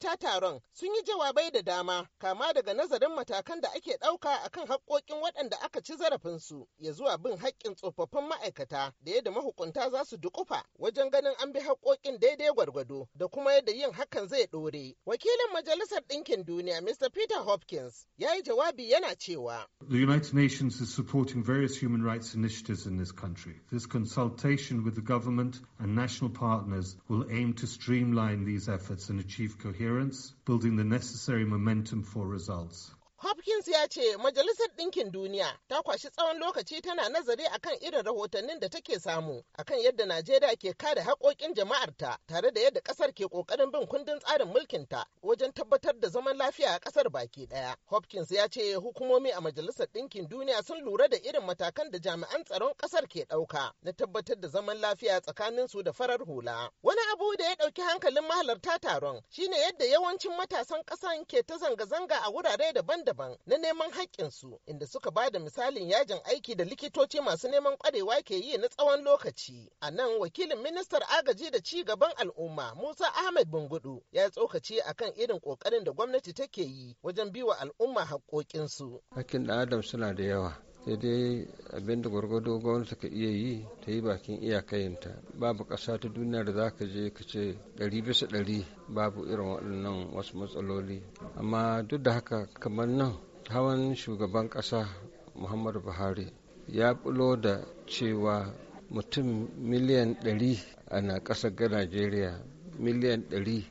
taron sun yi jawabai da dama kama daga nazarin matakan da ake ɗauka haƙƙoƙin waɗanda aka ci zarafinsu ya zuwa bin haƙƙin tsofaffin ma'aikata da yadda mahukunta za su dukufa wajen ganin an bi haƙƙoƙin daidai gwargwado da kuma yadda yin hakan zai ɗore. Wakilin Majalisar Ɗinkin Duniya Mr. Peter Hopkins ya yi jawabi yana cewa. The United Nations is supporting various human rights initiatives in this country. This consultation with the government and national partners will aim to streamline these efforts and achieve coherence coherence, building the necessary momentum for results. Hopkins ya ce Majalisar Ɗinkin Duniya ta kwashi tsawon lokaci tana nazari kan irin rahotannin da take samu akan yadda Najeriya ke kare haƙoƙin jama'arta tare da yadda ƙasar ke ƙoƙarin bin kundin tsarin mulkinta wajen tabbatar da zaman lafiya a ƙasar baki ɗaya. Hopkins ya ce hukumomi a Majalisar Ɗinkin Duniya sun lura da irin matakan da jami'an tsaron ƙasar ke ɗauka na tabbatar da zaman lafiya tsakanin su da farar hula. Wani abu da ya ɗauki hankalin mahalarta taron shine yadda yawancin matasan ƙasan ke ta zanga-zanga a wurare daban-daban daban na neman haƙƙinsu inda suka ba da misalin yajin aiki da likitoci masu neman ƙwarewa ke yi na tsawon lokaci. A nan wakilin ministar agaji da ci gaban al'umma Musa Ahmed Bungudu ya tsokaci akan irin ƙoƙarin da gwamnati take yi wajen biwa al'umma haƙƙoƙinsu. Hakkin ɗan Adam suna da yawa. sai dai abinda gwargwado gwamnati ka iya yi ta yi bakin iyakayinta babu ƙasa ta duniya da za ka je ka ce ɗari bisa ɗari babu irin waɗannan wasu matsaloli amma duk da haka kamar nan hawan shugaban ƙasa muhammadu buhari ya bulo da cewa mutum miliyan ɗari ana ƙasar ga najeriya miliyan ɗari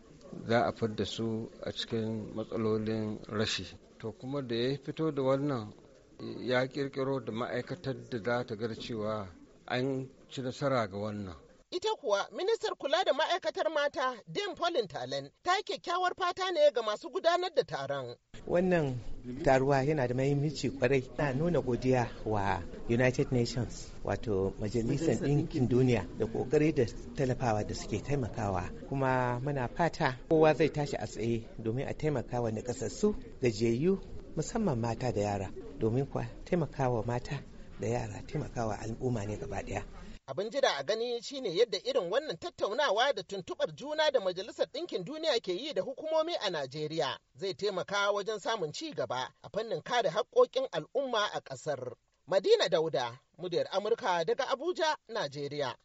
za a fadda su a cikin matsalolin rashi to kuma da ya fito da wannan ya kirkiro da ma'aikatar da za ta gar cewa an ci nasara ga wannan ita kuwa ministar kula da ma'aikatar mata Dame Pauline Talen ta yi kyakkyawar fata ne ga masu gudanar da taron. Wannan taruwa yana da mahimmanci kwarai na nuna godiya wa United Nations wato Majalisar Ɗinkin Duniya da kokari da talafawa da suke taimakawa kuma mana fata kowa zai tashi a tsaye domin a taimaka wa kasassu gajiyayyu musamman mata da yara domin kuwa taimakawa mata da yara taimakawa al'umma ne gaba ɗaya. Abin jira a gani shine yadda irin wannan tattaunawa da tuntuɓar juna da Majalisar Ɗinkin Duniya ke yi da hukumomi a Najeriya zai taimaka wajen samun ci gaba a fannin kare haƙƙoƙin al'umma a ƙasar. Madina Dauda, muryar Amurka daga Abuja, Najeriya.